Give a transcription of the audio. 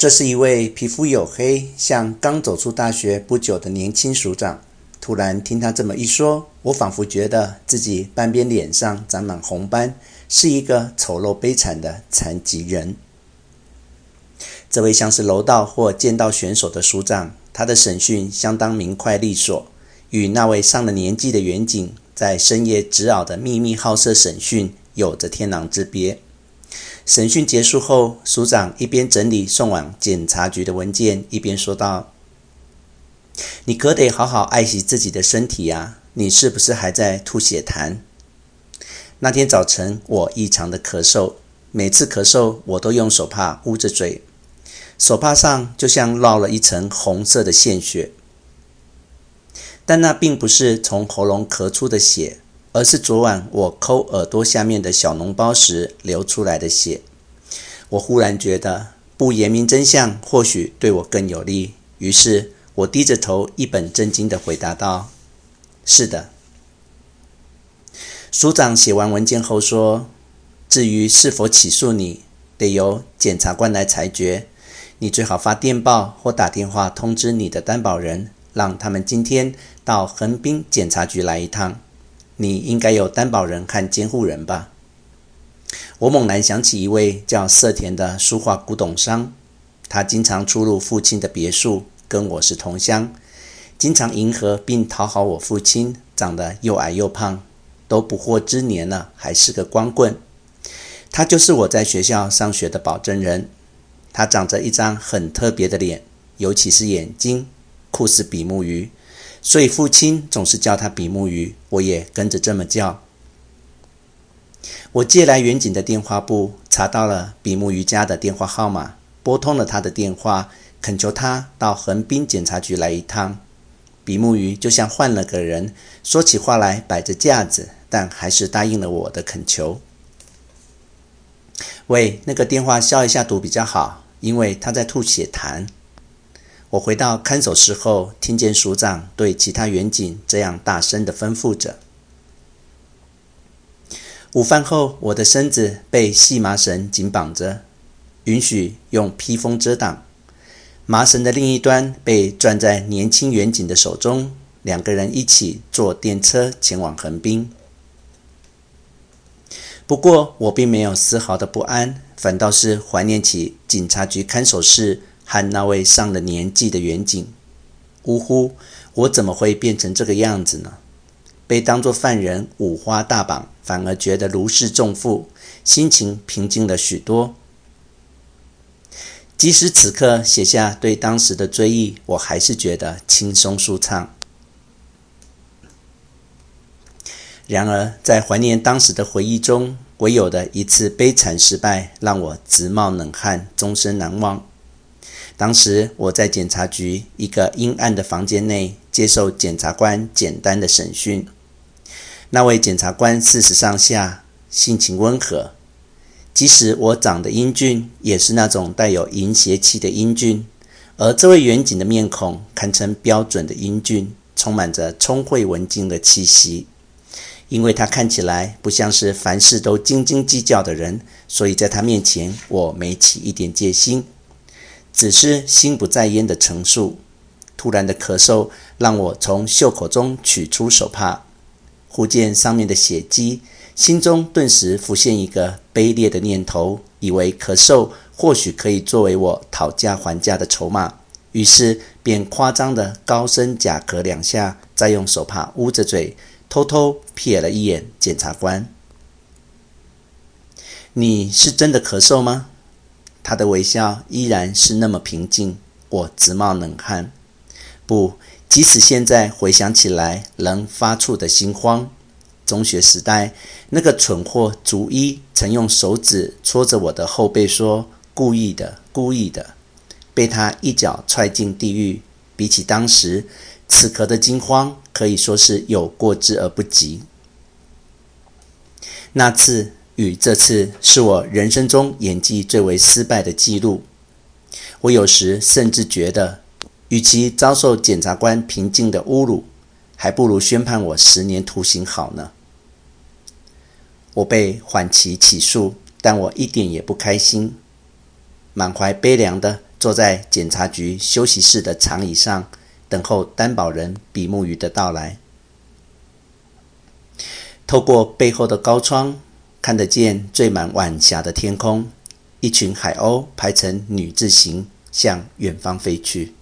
這是一位皮膚黝黑、像剛走出大學不久的年輕署長。突然聽他這麼一說，我仿佛覺得自己半邊臉上長滿紅斑，是一個醜陋悲慘的殘疾人。這位像是柔道或劍道選手的署長，他的審訊相當明快利索，與那位上了年紀的遠景在深夜執拗的秘密好色審訊有着天壤之別。審訊結束後，署長一邊整理送往檢察局的文件，一邊說道：“你可得好好愛惜自己的身體呀！你是不是還在吐血痰？那天早晨我異常的咳嗽，每次咳嗽我都用手帕捂着嘴，手帕上就像落了一層紅色的鮮血，但那並不是從喉嚨咳出的血。”而是昨晚我摳耳朵下面的小膿包時流出來的血。我忽然覺得不言明真相或許對我更有利，於是我低着頭，一本正經的回答道：“是的。”署長寫完文件後說：“至於是否起訴你，得由檢察官來裁決。你最好發電報或打電話通知你的擔保人，讓他們今天到橫濱檢察局來一趟。”你應該有擔保人和監護人吧？我猛然想起一位叫澀田的書畫古董商，他經常出入父親的別墅，跟我是同鄉，經常迎合並討好我父親，長得又矮又胖，都不惑之年了還是個光棍。他就是我在學校上學的保證人。他長着一張很特別的臉，尤其是眼睛，酷似比目魚。所以父親總是叫他比目魚，我也跟着這麼叫。我借來遠景的電話簿，查到了比目魚家的電話號碼，撥通了他的電話，懇求他到橫濱檢察局來一趟。比目魚就像換了個人，說起話來擺着架子，但還是答應了我的懇求。喂，那個電話消一下毒比較好，因為他在吐血痰。我回到看守室後，聽見署長對其他員警這樣大聲的吩咐着。午飯後，我的身子被細麻繩緊綁着，允許用披風遮擋。麻繩的另一端被攥在年輕員警的手中，兩個人一起坐電車前往橫濱。不過，我並沒有絲毫的不安，反倒是懷念起警察局看守室，和那位上了年紀的遠景，嗚呼，呼！我怎麼會變成這個樣子呢？被當作犯人五花大綁，反而覺得如釋重負，心情平靜了許多。即使此刻寫下對當時的追憶，我還是覺得輕鬆舒暢。然而，在懷念當時的回憶中，唯有的一次悲慘失敗，讓我直冒冷汗，終身難忘。當時我在檢察局一個陰暗的房間內接受檢察官簡單的審訊。那位檢察官四十上下，性情溫和。即使我長得英俊，也是那種帶有淫邪氣的英俊。而這位員警的面孔堪稱標準的英俊，充滿着聰慧文靜的氣息。因為他看起來不像是凡事都斤斤計較的人，所以在他面前我沒起一點戒心。只是心不在焉的陳述，突然的咳嗽讓我從袖口中取出手帕，忽見上面的血跡，心中頓時浮現一個卑劣的念頭，以為咳嗽或許可以作為我討價還價的籌碼，於是便誇張的高聲假咳兩下，再用手帕捂着嘴，偷偷瞥了一眼檢察官：“你是真的咳嗽嗎？”他的微笑依然是那麼平靜，我直冒冷汗。不，即使現在回想起來，仍發怵的心慌。中學時代，那個蠢貨竹一曾用手指戳着我的後背說：“故意的，故意的。”被他一腳踹進地獄。比起當時，此刻的驚慌可以說是有過之而不及。那次。與這次是我人生中演技最為失敗的記錄。我有時甚至覺得，與其遭受檢察官平靜的侮辱，還不如宣判我十年徒刑好呢。我被緩期起訴，但我一點也不開心，滿懷悲涼地坐在檢察局休息室的長椅上，等候擔保人比目魚的到來。透過背後的高窗。看得見綴滿晚霞的天空，一群海鷗排成“女”字形向遠方飛去。